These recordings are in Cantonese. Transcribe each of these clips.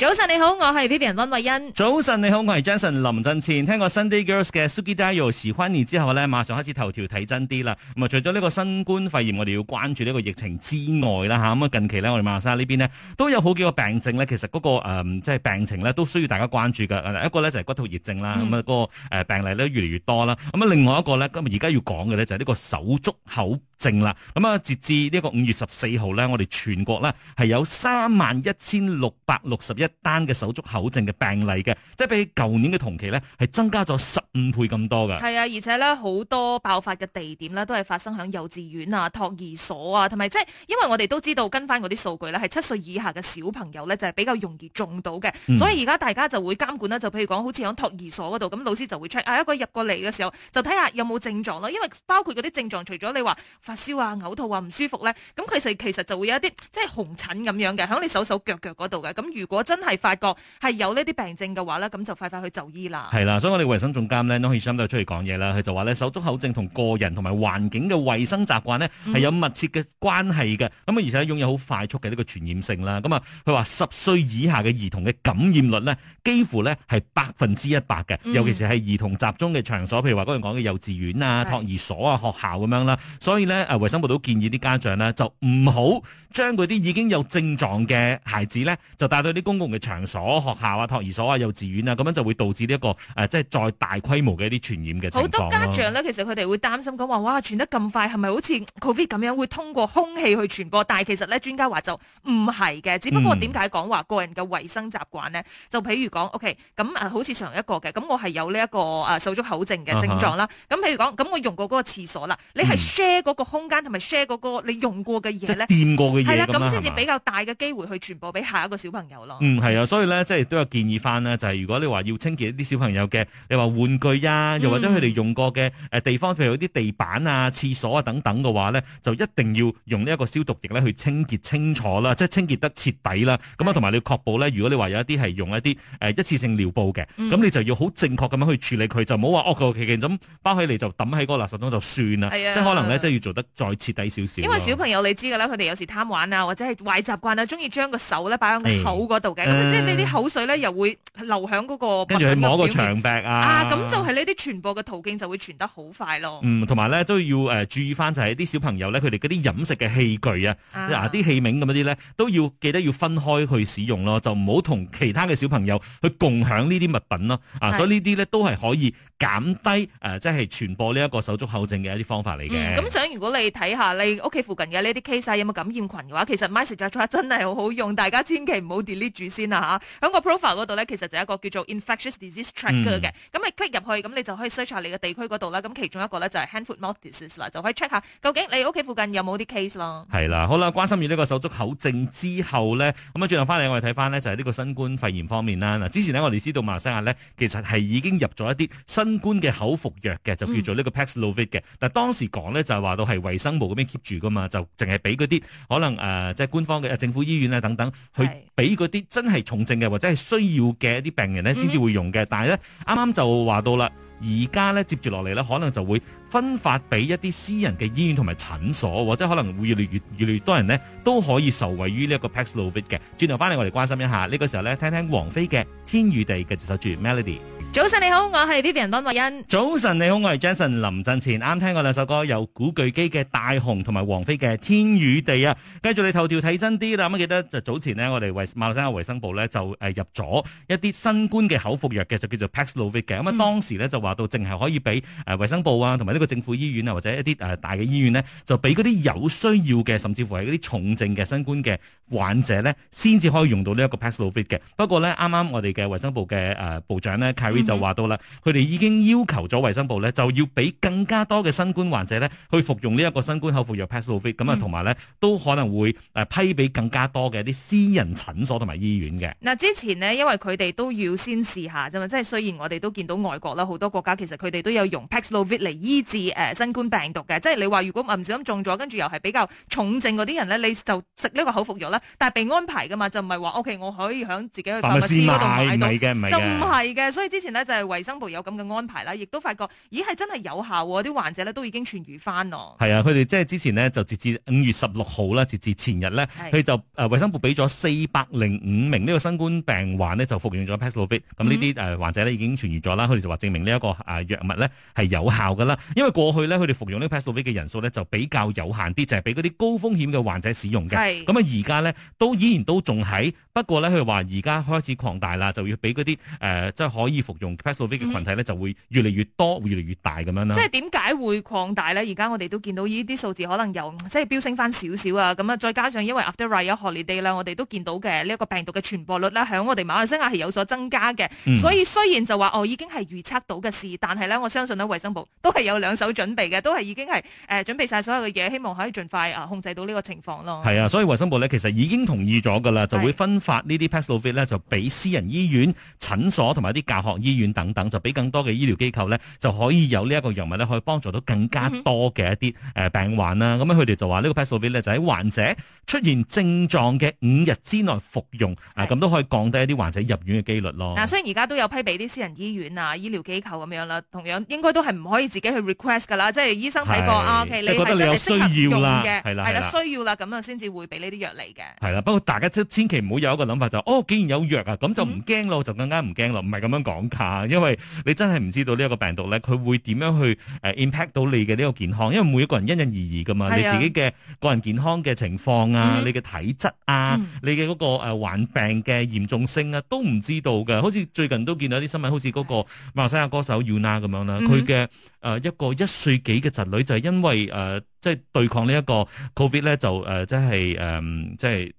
早晨你好，我係 Vivian 溫慧欣。早晨你好，我係 Jensen 林振前。前聽過 Sunday Girls 嘅《Suki Diary》時歡然之後呢，馬上開始頭條睇真啲啦。咁啊，除咗呢個新冠肺炎，我哋要關注呢個疫情之外啦吓，咁啊，近期呢，我哋馬鞍山呢邊呢，都有好幾個病症呢。其實嗰、那個誒、呃、即係病情呢，都需要大家關注噶。一個呢，就係、是、骨痛熱症啦，咁啊嗰個誒病例呢，越嚟越多啦。咁啊另外一個呢咁而家要講嘅呢，就係呢個手足口症啦。咁啊截至呢個五月十四號呢，我哋全國呢，係有三萬一千六百六十一。單嘅手足口症嘅病例嘅，即係比起舊年嘅同期咧，係增加咗十五倍咁多嘅。係啊，而且咧，好多爆發嘅地點呢，都係發生喺幼稚園啊、托兒所啊，同埋即係，因為我哋都知道跟翻嗰啲數據咧，係七歲以下嘅小朋友咧就係比較容易中到嘅，嗯、所以而家大家就會監管啦。就譬如講，好似響托兒所嗰度，咁老師就會 check 啊，一個入過嚟嘅時候就睇下有冇症狀咯。因為包括嗰啲症狀，除咗你話發燒啊、嘔吐啊、唔舒服咧，咁佢其實其實就會有一啲即係紅疹咁樣嘅，響你手手腳腳嗰度嘅。咁如果真真係發覺係有呢啲病症嘅話咧，咁就快快去就醫啦。係啦，所以我哋衛生總監咧都可以今日出嚟講嘢啦。佢就話咧，手足口症同個人同埋環境嘅衛生習慣呢，係有密切嘅關係嘅。咁啊，而且擁有好快速嘅呢個傳染性啦。咁啊，佢話十歲以下嘅兒童嘅感染率呢，幾乎呢係百分之一百嘅。嗯、尤其是係兒童集中嘅場所，譬如話嗰陣講嘅幼稚園啊、托兒所啊、學校咁樣啦。所以呢，誒，衛生部都建議啲家長呢，就唔好將嗰啲已經有症狀嘅孩子呢，就帶到啲公共嘅場所、學校啊、托兒所啊、幼稚園啊，咁樣就會導致呢、這、一個誒、呃，即係再大規模嘅一啲傳染嘅情況。好多家長咧，其實佢哋會擔心，講話哇，傳得咁快，係咪好似 COVID 咁樣會通過空氣去傳播？但係其實咧，專家話就唔係嘅，只不過點解講話個人嘅衛生習慣呢？嗯、就譬如講，OK，咁啊，好似上一個嘅，咁我係有呢一個足啊，哈啊，手足口症嘅症狀啦。咁譬如講，咁我用過嗰個廁所啦，你係 share 嗰個空間同埋 share 嗰個你用過嘅嘢掂過嘅嘢咁啊，咁先至比較大嘅機會去傳播俾下一個小朋友咯。嗯嗯係啊，所以咧，即係都有建議翻咧，就係如果你話要清潔一啲小朋友嘅，你話玩具啊，嗯、又或者佢哋用過嘅誒地方，譬如有啲地板啊、廁所啊等等嘅話呢，就一定要用呢一個消毒液咧去清潔清楚啦，即係清潔得徹底啦。咁啊的，同埋你要確保呢，如果你話有一啲係用一啲誒一次性尿布嘅，咁、嗯、你就要好正確咁樣去處理佢，就唔好話求求其其咁包起嚟就抌喺個垃圾桶就算啦。的即係可能呢，即係要做得再徹底少少。因為小朋友你知㗎啦，佢哋有時貪玩啊，或者係壞習慣啊，中意將個手咧擺喺個口嗰度嗯、即係呢啲口水咧，又會流響嗰個，跟住摸個牆壁啊！啊，咁就係呢啲傳播嘅途徑就會傳得好快咯。嗯，同埋咧都要誒注意翻，就係啲小朋友咧，佢哋嗰啲飲食嘅器具啊，嗱啲器皿咁嗰啲咧，啊、都要記得要分開去使用咯，就唔好同其他嘅小朋友去共享呢啲物品咯。啊，是所以呢啲咧都係可以減低誒，即、呃、係、就是、傳播呢一個手足口症嘅一啲方法嚟嘅。咁、嗯嗯嗯、想，如果你睇下你屋企附近嘅呢啲 case 有冇感染群嘅話，其實 my 食作作真係好好用，大家千祈唔好 delete 住。先啦嚇，喺、那個 profile 嗰度咧，其實就一個叫做 infectious disease tracker 嘅，咁咪 click 入去，咁你就可以 search 下你嘅地區嗰度啦。咁其中一個咧就係 hand foot m o u t i s e s e 就可以 check 下究竟你屋企附近有冇啲 case 咯。係啦，好啦，關心完呢個手足口症之後咧，咁、嗯、啊、嗯嗯、轉頭翻嚟我哋睇翻咧就係呢個新冠肺炎方面啦。嗱，之前呢，我哋知道馬來西亞咧其實係已經入咗一啲新冠嘅口服藥嘅，就叫做呢個 paxlovid 嘅。但當時講咧就係話到係衞生部咁樣 keep 住噶嘛，就淨係俾嗰啲可能誒、呃、即係官方嘅、啊、政府醫院啊等等去俾嗰啲。真係重症嘅或者係需要嘅一啲病人咧，先至會用嘅。但係咧，啱啱就話到啦，而家咧接住落嚟咧，可能就會分發俾一啲私人嘅醫院同埋診所，或者可能會越嚟越越嚟越，越多人咧都可以受惠於呢一個 Paxlovid 嘅。轉頭翻嚟，我哋關心一下，呢、這個時候咧，聽聽王菲嘅《天與地》嘅這首《住 Melody》。早晨你好，我係 Vivian 溫慧欣。早晨你好，我係 Jason 林振前。啱聽過兩首歌，有古巨基嘅《大雄》同埋王菲嘅《天與地》啊！繼續你頭條睇真啲啦，咁啊記得就早前咧，我哋衛馬來西亞衛生部咧就誒入咗一啲新冠嘅口服藥嘅，就叫做 Paxlovid 嘅。咁啊當時咧就話到，淨係可以俾誒衛生部啊，同埋呢個政府醫院啊，或者一啲誒大嘅醫院咧，就俾嗰啲有需要嘅，甚至乎係嗰啲重症嘅新冠嘅患者咧，先至可以用到呢一個 Paxlovid 嘅。不過咧，啱啱我哋嘅衛生部嘅誒部長咧就話到啦，佢哋已經要求咗衞生部咧，就要俾更加多嘅新冠患者咧去服用呢一個新冠口服藥 Paxlovid，咁啊同埋咧都可能會誒批俾更加多嘅一啲私人診所同埋醫院嘅。嗱，之前呢，因為佢哋都要先試下啫嘛，即係雖然我哋都見到外國啦，好多國家，其實佢哋都有用 Paxlovid 嚟醫治誒新冠病毒嘅。即係你話如果唔小心中咗，跟住又係比較重症嗰啲人咧，你就食呢個口服藥啦。但係被安排㗎嘛，就唔係話 OK 我可以響自己去辦事嗰度買到嘅，就唔係嘅。所以之前。就係衞生部有咁嘅安排啦，亦都發覺，咦係真係有效喎！啲患者咧都已經痊癒翻咯。係啊，佢哋即係之前呢，就截至五月十六號咧，截至前日咧，佢是就誒、呃、衞生部俾咗四百零五名呢個新冠病患呢，就服用咗 Paxlovid，咁呢啲、嗯、誒患者呢已經痊癒咗啦。佢哋就話證明呢一個誒藥物咧係有效噶啦。因為過去咧佢哋服用呢 Paxlovid 嘅人數咧就比較有限啲，就係俾嗰啲高風險嘅患者使用嘅。咁啊而家咧都依然都仲喺，不過咧佢話而家開始擴大啦，就要俾嗰啲誒即係可以服用 Paxlovid 嘅群體咧就會越嚟越多，嗯、會越嚟越大咁樣啦。即係點解會擴大咧？而家我哋都見到呢啲數字可能又即係飆升翻少少啊！咁啊，再加上因為 after right 有 holiday 啦，我哋都見到嘅呢一個病毒嘅傳播率咧，喺我哋馬來西亞係有所增加嘅。嗯、所以雖然就話哦已經係預測到嘅事，但係咧我相信呢，衞生部都係有兩手準備嘅，都係已經係誒、呃、準備晒所有嘅嘢，希望可以盡快啊控制到呢個情況咯。係啊，所以衞生部咧其實已經同意咗㗎啦，就會分發呢啲 Paxlovid 咧就俾私人醫院、診所同埋啲教學醫醫院等等，就俾更多嘅醫療機構咧，就可以有呢一個藥物咧，可以幫助到更加多嘅一啲誒病患。啦咁樣佢哋就話呢個 Paxlovid 咧，就喺患者出現症狀嘅五日之內服用，咁都可以降低一啲患者入院嘅幾率咯。嗱，雖然而家都有批俾啲私人醫院啊、醫療機構咁樣啦，同樣應該都係唔可以自己去 request 噶啦，即係醫生睇過你覺得你有需要嘅，係啦，需要啦，咁啊先至會俾呢啲藥嚟嘅。係啦，不過大家千祈唔好有一個諗法就，哦，既然有藥啊，咁就唔驚咯，就更加唔驚咯，唔係咁樣講啊，因為你真係唔知道呢一個病毒咧，佢會點樣去誒 impact 到你嘅呢個健康？因為每一個人因人而異噶嘛，啊、你自己嘅個人健康嘅情況啊，嗯、哼你嘅體質啊，嗯、你嘅嗰個誒患病嘅嚴重性啊，都唔知道嘅。好似最近都見到啲新聞，好似嗰個馬來西亞歌手 Yuna 咁樣啦，佢嘅誒一個一歲幾嘅侄女就係因為誒即係對抗呢一個 COVID 咧，就誒即係誒即係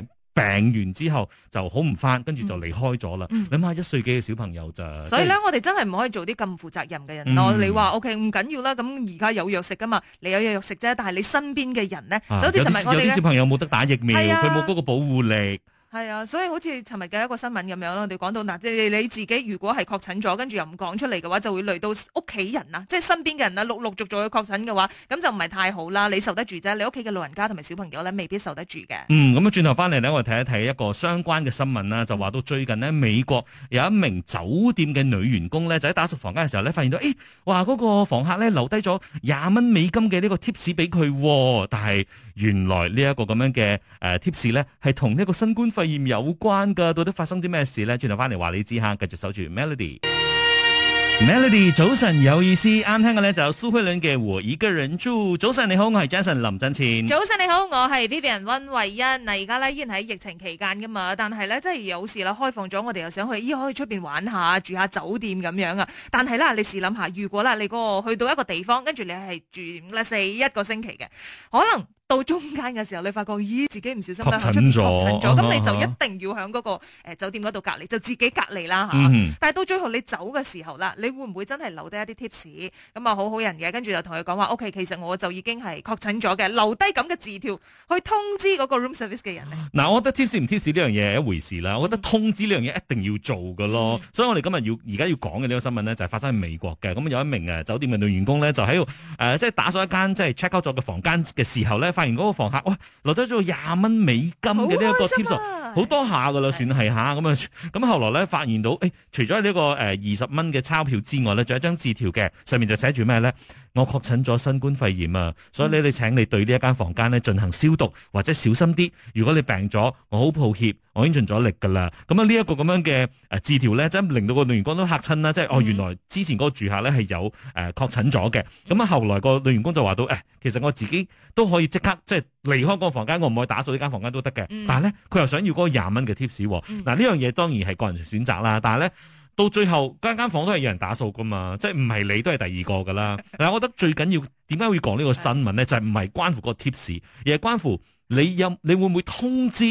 病。病完之後就好唔翻，跟住就離開咗啦。諗下一歲幾嘅小朋友咋？所以咧我哋真係唔可以做啲咁唔負責任嘅人咯。你話 OK，唔緊要啦，咁而家有藥食噶嘛，你有藥食啫。但係你身邊嘅人咧，啊、就好似尋日我啲小朋友冇得打疫苗，佢冇嗰個保護力。係啊，所以好似尋日嘅一個新聞咁樣咯，我哋講到嗱，即係、啊、你你自己如果係確診咗，跟住又唔講出嚟嘅話，就會累到屋企人啊，即係身邊嘅人啊，陸陸續續去確診嘅話，咁就唔係太好啦。你受得住啫，你屋企嘅老人家同埋小朋友咧，未必受得住嘅、嗯。嗯，咁啊，轉頭翻嚟咧，我哋睇一睇一個相關嘅新聞啦，就話到最近呢，美國有一名酒店嘅女員工咧，就喺打掃房間嘅時候咧，發現到，誒、欸，哇，嗰、嗰個房客咧留低咗廿蚊美金嘅呢個 tips 俾佢，但係。原來這這、呃、呢一個咁樣嘅誒貼士咧，係同呢一個新冠肺炎有關噶。到底發生啲咩事呢？轉頭翻嚟話你知吓。繼續守住 Melody，Melody，Mel 早晨有意思。啱聽嘅呢就蘇慧倫嘅《我一個人住》。早晨你好，我係 Jason 林振前。早晨你好，我係 Vivian 溫慧欣。嗱，而家呢，依然喺疫情期間噶嘛，但係呢，真係有事啦。開放咗，我哋又想去，咦，可以出邊玩下，住下酒店咁樣啊。但係啦，你試諗下，如果啦你個去到一個地方，跟住你係住咧四一個星期嘅，可能。到中間嘅時候，你發覺咦，自己唔小心咧，出確診咗咁，啊、你就一定要喺嗰個誒酒店嗰度隔離，啊、就自己隔離啦吓。嗯、哼但係到最後你走嘅時候啦，你會唔會真係留低一啲貼士？咁啊，好好人嘅，跟住就同佢講話，OK，其實我就已經係確診咗嘅，留低咁嘅字條去通知嗰個 room service 嘅人咧。嗱、啊，我覺得貼士唔貼士呢樣嘢係一回事啦，我覺得通知呢樣嘢一定要做噶咯。嗯、哼所以我哋今日要而家要講嘅呢個新聞咧，就係發生喺美國嘅。咁有一名誒酒店嘅女員工咧，呃呃、就喺度誒即係打掃一間即係 check out 咗嘅房間嘅時候咧。發現嗰個房客哇，留低咗廿蚊美金嘅呢一個 tips、啊，好多下噶啦，是的 算係吓咁啊！咁後來咧發現到，誒、哎，除咗呢個誒二十蚊嘅鈔票之外咧，仲有一張字條嘅，上面就寫住咩咧？我確診咗新冠肺炎啊，所以咧，你請你對呢一間房間咧進行消毒，或者小心啲。如果你病咗，我好抱歉，我已經盡咗力㗎喇。咁啊呢一個咁樣嘅誒字條咧，真令到個女員工都嚇親啦。即係哦，原來之前嗰個住客咧係有誒、呃、確診咗嘅。咁啊後來個女員工就話到誒、欸，其實我自己都可以刻即刻即係離開嗰個房間，我唔可以打掃呢間房間都得嘅。嗯、但係咧，佢又想要嗰廿蚊嘅 tips。嗱，呢樣嘢當然係個人選擇啦，但係咧。到最後間間房間都係有人打掃噶嘛，即係唔係你都係第二個噶啦。但係， 我覺得最緊要點解會講呢個新聞咧，就係唔係關乎嗰個 tips，而係關乎你有你會唔會通知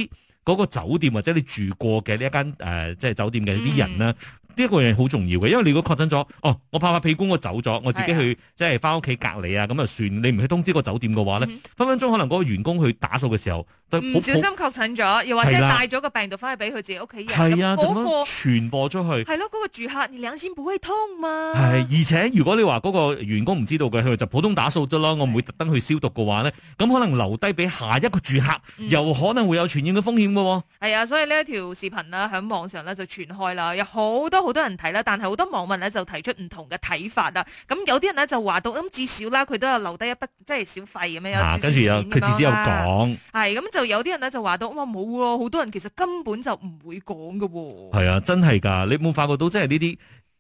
嗰個酒店或者你住過嘅呢一間誒，即、呃、係、就是、酒店嘅啲人咧。嗯呢一個嘢好重要嘅，因為你如果確診咗，哦，我拍拍屁股我走咗，我自己去即係翻屋企隔離啊，咁就算。你唔去通知個酒店嘅話咧，嗯、分分鐘可能嗰個員工去打掃嘅時候，唔小心確診咗，又或者帶咗個病毒翻去俾佢自己屋企人，咁、啊那個傳播出去。係咯、啊，嗰、那個住客你良心補以通嘛？係、啊，而且如果你話嗰個員工唔知道嘅，佢就普通打掃啫咯，啊、我唔會特登去消毒嘅話咧，咁可能留低俾下一個住客，嗯、又可能會有傳染嘅風險嘅喎。係啊，所以呢一條視頻咧喺網上咧就傳開啦，有好多。好多人睇啦，但係好多網民咧就提出唔同嘅睇法啦。咁、嗯、有啲人咧就話到，咁至少啦，佢都有留低一筆即係小費咁樣。跟住有佢至少有講、嗯，係咁、嗯、就有啲人咧就話到，哇冇咯，好多人其實根本就唔會講噶。係啊，真係噶，你冇發覺到即係呢啲？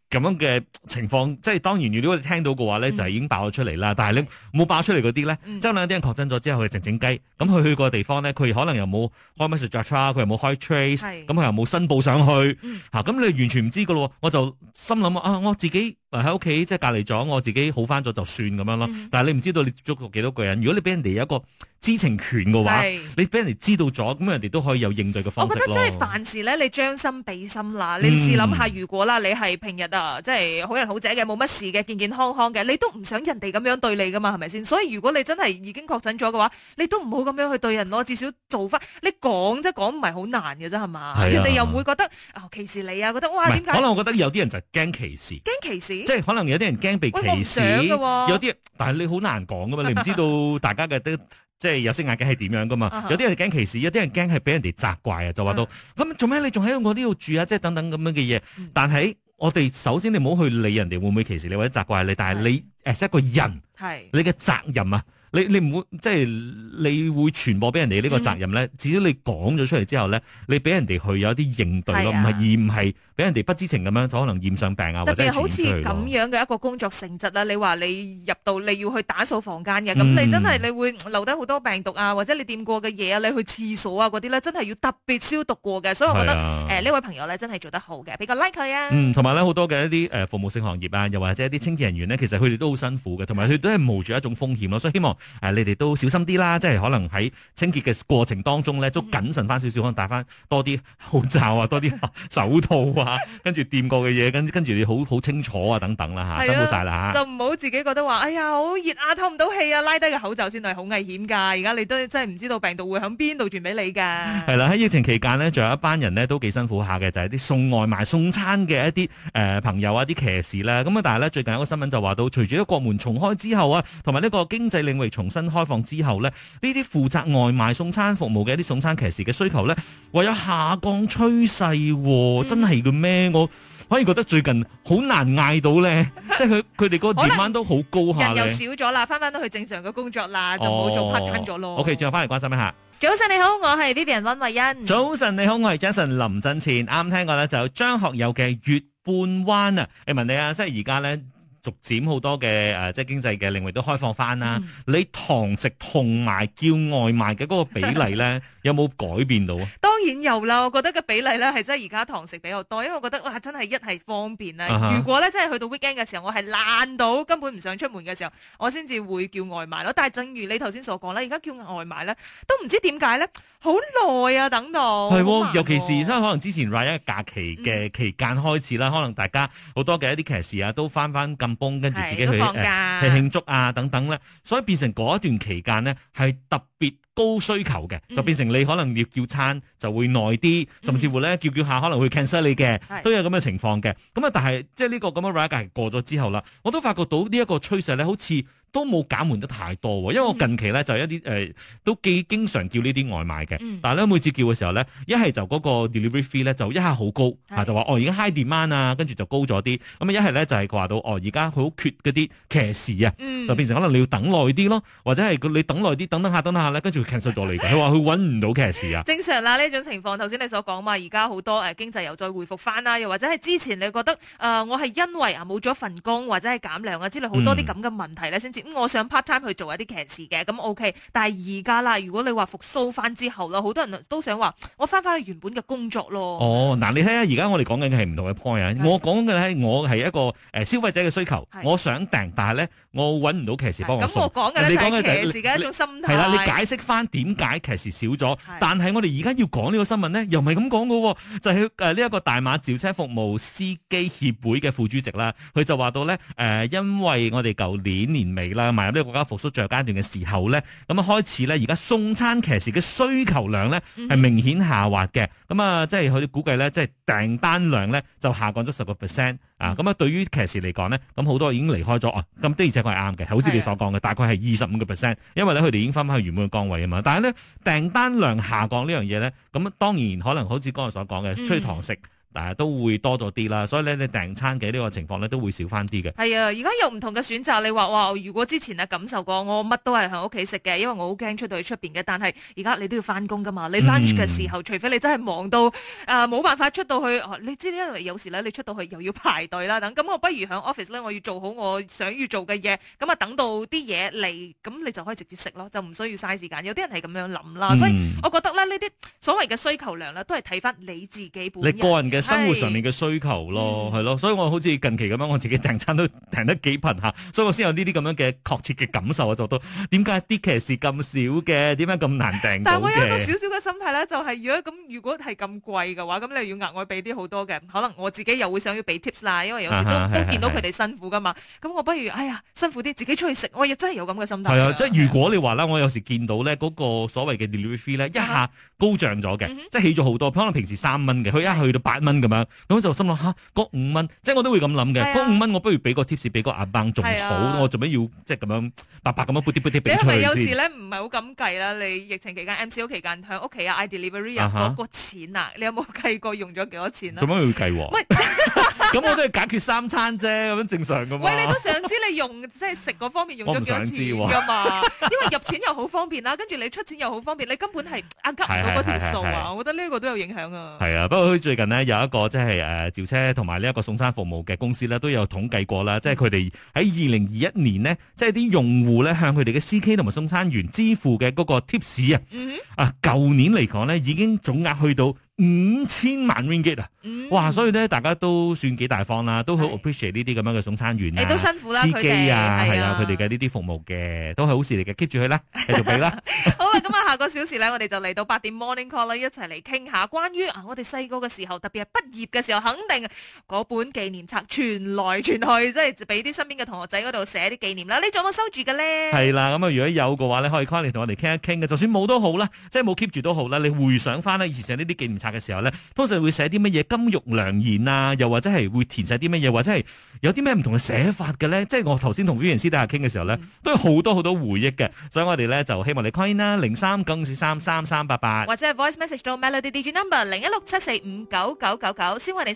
咁樣嘅情況，即係當然，如果你聽到嘅話咧，嗯、就係已經爆咗出嚟啦。但係你冇爆出嚟嗰啲咧，真係有啲人確診咗之後，佢靜靜雞。咁佢去過嘅地方咧，佢可能又冇開咩 message trace，佢又冇開 trace，咁佢又冇申報上去。吓、嗯，咁你完全唔知噶咯。我就心諗啊，我自己。喺屋企即係隔離咗，我自己好翻，咗就算咁樣咯。嗯、但係你唔知道你接觸過幾多個人。如果你俾人哋有一個知情權嘅話，是你俾人哋知道咗，咁人哋都可以有應對嘅方法。我覺得真係凡事咧，你將心比心啦。你試諗下，如果啦，你係平日啊，嗯、即係好人好姐嘅，冇乜事嘅，健健康康嘅，你都唔想人哋咁樣對你噶嘛？係咪先？所以如果你真係已經確診咗嘅話，你都唔好咁樣去對人咯。至少做翻你講啫，講唔係好難嘅啫，係嘛？啊、人哋又唔會覺得、哦、歧視你啊？覺得哇點解？是可能我覺得有啲人就驚歧視，驚歧視。即係可能有啲人驚被歧視，啊、有啲，但係你好難講噶嘛，你唔知道大家嘅， 即係有色眼鏡係點樣噶嘛，有啲人驚歧視，有啲人驚係俾人哋責怪啊，就話到咁做咩你仲喺我呢度住啊，即係等等咁樣嘅嘢。但係我哋首先你唔好去理人哋會唔會歧視你或者責怪你，但係你誒、 呃、一個人係 你嘅責任啊。你你唔會即係你會傳播俾人哋呢個責任咧？嗯、至少你講咗出嚟之後咧，你俾人哋去有一啲應對咯，唔係是、啊、而唔係俾人哋不知情咁樣，可能染上病啊，特別好似咁樣嘅一個工作性質啦。你話你入到你要去打掃房間嘅咁，嗯、你真係你會留低好多病毒啊，或者你掂過嘅嘢啊，你去廁所啊嗰啲咧，真係要特別消毒過嘅。所以我覺得誒呢是、啊呃、位朋友咧真係做得好嘅，畀個 like 佢啊、嗯。同埋咧好多嘅一啲誒服務性行業啊，又或者一啲清潔人員咧，其實佢哋都好辛苦嘅，同埋佢都係冒住一種風險咯，所以希望。誒、啊，你哋都小心啲啦，即係可能喺清潔嘅過程當中咧，都謹慎翻少少，可能戴翻多啲口罩啊，多啲手套啊， 跟住掂過嘅嘢，跟跟住你好好清楚啊，等等啦吓， 啊、辛苦晒啦吓，就唔好自己覺得話，哎呀好熱啊，透唔到氣啊，拉低個口罩先係好危險噶，而家你都真係唔知道病毒會響邊度傳俾你噶。係啦、啊，喺疫情期間呢，仲有一班人呢都幾辛苦下嘅，就係、是、啲送外賣、送餐嘅一啲誒、呃、朋友啊，啲騎士啦，咁啊，但係呢，最近有個新聞就話到，隨住咧國門重開之後啊，同埋呢個經濟領域。重新開放之後咧，呢啲負責外賣送餐服務嘅一啲送餐騎士嘅需求咧，唯有下降趨勢，嗯、真係嘅咩？我可以覺得最近好難嗌到咧， 即係佢佢哋個點翻都好高下 人又少咗啦，翻翻 到去正常嘅工作啦，就冇做派餐咗咯、哦。OK，最後翻嚟關心一下，早晨你好，我係 Vivian 溫慧欣。早晨你好，我係 Jason 林振前。啱聽過咧，就有張學友嘅《月半彎》啊、hey,，問你啊，即係而家咧。逐漸好多嘅誒、呃，即係經濟嘅領域都開放翻啦。嗯、你堂食同埋叫外賣嘅嗰個比例咧， 有冇改變到啊？當然有啦，我覺得個比例咧係真係而家堂食比較多，因為我覺得哇真係一係方便啦。如果咧真係去到 weekend 嘅時候，我係懶到根本唔想出門嘅時候，我先至會叫外賣咯。但係正如你頭先所講啦，而家叫外賣咧都唔知點解咧，好耐啊，等到係喎，尤其是因為可能之前 right 一個假期嘅期間開始啦，可能大家好多嘅一啲騎士啊都翻翻金邦，跟住自己去放假去慶祝啊等等咧，所以變成嗰一段期間咧係特別，高需求嘅、嗯、就變成你可能要叫餐就會耐啲，嗯、甚至乎咧叫叫下可能會 cancel 你嘅，是都有咁嘅情況嘅。咁啊，但係即係呢個咁嘅 rigor 過咗之後啦，我都發覺到呢一個趨勢咧，好似都冇減緩得太多，因為我近期咧就一啲誒、呃、都幾經常叫呢啲外賣嘅，嗯、但係咧每次叫嘅時候咧，一係就嗰個 delivery fee 咧就一下好高的、啊、就話哦而家 high demand 啊，跟住就高咗啲，咁啊一係咧就係、是、話到哦而家佢好缺嗰啲騎士啊，嗯、就變成可能你要等耐啲咯，或者係你等耐啲等等下等等下咧，跟住佢 cancel 咗你嘅，佢話佢揾唔到騎士啊。正常啦呢種情況，頭先你所講嘛，而家好多誒經濟又再恢復翻啦，又或者係之前你覺得誒、呃、我係因為啊冇咗份工或者係減量啊之類好多啲咁嘅問題咧先至。嗯咁我想 part time 去做一啲騎士嘅，咁 OK。但係而家啦，如果你話復蘇翻之後啦，好多人都想話我翻翻去原本嘅工作咯。哦，嗱，你睇下而家我哋講緊嘅係唔同嘅 point。啊的，我講嘅係我係一個誒消費者嘅需求，的我想訂，但係咧我搵唔到騎士幫我。咁我講嘅你講嘅騎士嘅一種心態。係啦，你解釋翻點解騎士少咗？的但係我哋而家要講呢個新聞咧，又唔係咁講噶，就係誒呢一個大馬召車服務司機協會嘅副主席啦，佢就話到咧誒、呃，因為我哋舊年年，年尾。啦，埋入呢個國家復蘇最後階段嘅時候咧，咁啊開始咧，而家送餐騎士嘅需求量咧係明顯下滑嘅。咁啊、mm，即係佢估計咧，即係訂單量咧就下降咗十個 percent 啊。咁啊，對於騎士嚟講咧，咁好多已經離開咗啊。咁的而且確係啱嘅，好似你所講嘅，mm hmm。大概係二十五個 percent，因為咧佢哋已經翻翻去原本嘅崗位啊嘛。但係咧訂單量下降呢樣嘢咧，咁當然可能好似剛才所講嘅，出去堂食。Mm hmm. 都會多咗啲啦，所以咧你訂餐嘅呢、這個情況咧都會少翻啲嘅。係啊，而家有唔同嘅選擇。你話哇，如果之前咧感受過，我乜都係喺屋企食嘅，因為我好驚出到去出邊嘅。但係而家你都要翻工噶嘛？你 lunch 嘅時候，嗯、除非你真係忙到誒冇、呃、辦法出到去、哦，你知道因為有時你出到去又要排隊啦等。咁我不如喺 office 咧，我要做好我想要做嘅嘢。咁啊等到啲嘢嚟，咁你就可以直接食咯，就唔需要嘥時間。有啲人係咁樣諗啦，嗯、所以我覺得咧呢啲所謂嘅需求量都係睇翻你自己本人。你個人嘅。生活上面嘅需求咯，係、嗯、咯，所以我好似近期咁樣，我自己訂餐都訂得幾頻吓，所以我先有呢啲咁樣嘅確切嘅感受啊，作到點解啲騎士咁少嘅，點解咁難訂？但我有一個小小嘅心態咧，就係、是、如果咁，如果係咁貴嘅話，咁你又要額外俾啲好多嘅，可能我自己又會想要俾 tips 啦，因為有時都都見到佢哋辛苦噶嘛，咁、啊啊啊啊、我不如哎呀辛苦啲，自己出去食，我真係有咁嘅心態。係啊，即係如果你話咧，啊、我有時見到咧嗰個所謂嘅 delivery fee 咧一下高漲咗嘅，嗯、哼即係起咗好多，可能平時三蚊嘅，佢一去到八蚊。咁樣，咁就心諗吓，嗰五蚊，即係我都會咁諗嘅，嗰五蚊我不如俾個 tips 俾個阿 Bang 仲好。 啊、我做咩要即係咁樣白白咁樣撥啲撥啲俾出嚟你有事咧，唔係好咁計啦。你疫情期間 MCO 期間響屋企啊，I delivery 嗰個錢啊，你有冇計過用咗幾多錢咧？做咩要計喎？ 咁 我都係解決三餐啫，咁樣正常噶嘛。喂，你都想知你用即係食嗰方面用咗幾多錢㗎嘛？啊、因為入錢又好方便啦，跟住你出錢又好方便，你根本係呃唔到嗰條數啊！我覺得呢一個都有影響啊。係啊，不過最近呢，有一個即係誒召車同埋呢一個送餐服務嘅公司咧都有統計過啦，即係佢哋喺二零二一年呢，即係啲用戶咧向佢哋嘅司機同埋送餐員支付嘅嗰個 tips、嗯、哼啊，啊舊年嚟講咧已經總額去到五千萬 ringgit 啊！哇、嗯！所以咧，大家都算幾大方啦，都好 appreciate 呢啲咁樣嘅送餐員，你都辛苦啦，司機啊、司機的啊，係啊，佢哋嘅呢啲服務嘅都係好事嚟嘅，keep 住佢啦，繼續俾啦。 好啦，咁、嗯、啊，下個小時咧， 我哋就嚟到八點 morning call 啦，一齊嚟傾下關於啊，我哋細個嘅時候，特別係畢業嘅時候，肯定嗰本紀念冊傳來傳去，即係俾啲身邊嘅同學仔嗰度寫啲紀念啦。你仲有冇收住嘅咧？係啦、嗯，咁、嗯、啊，如果有嘅話咧，可以 call 你同我哋傾一傾嘅。就算冇都好啦，即係冇 keep 住都好啦。你回想翻咧以前寫呢啲紀念冊嘅時候咧，通常會寫啲乜嘢？金玉良言啊，又或者係會填晒啲乜嘢，或者係有啲咩唔同嘅寫法嘅咧？即係我頭先同諮詢師底下傾嘅時候咧，都有好多好多回憶嘅，嗯、所以我哋咧就希望你 coin 啦，零三九四三三三八八，或者係 voice message 到 Melody digit number 零一六七四五九九九九，先為你。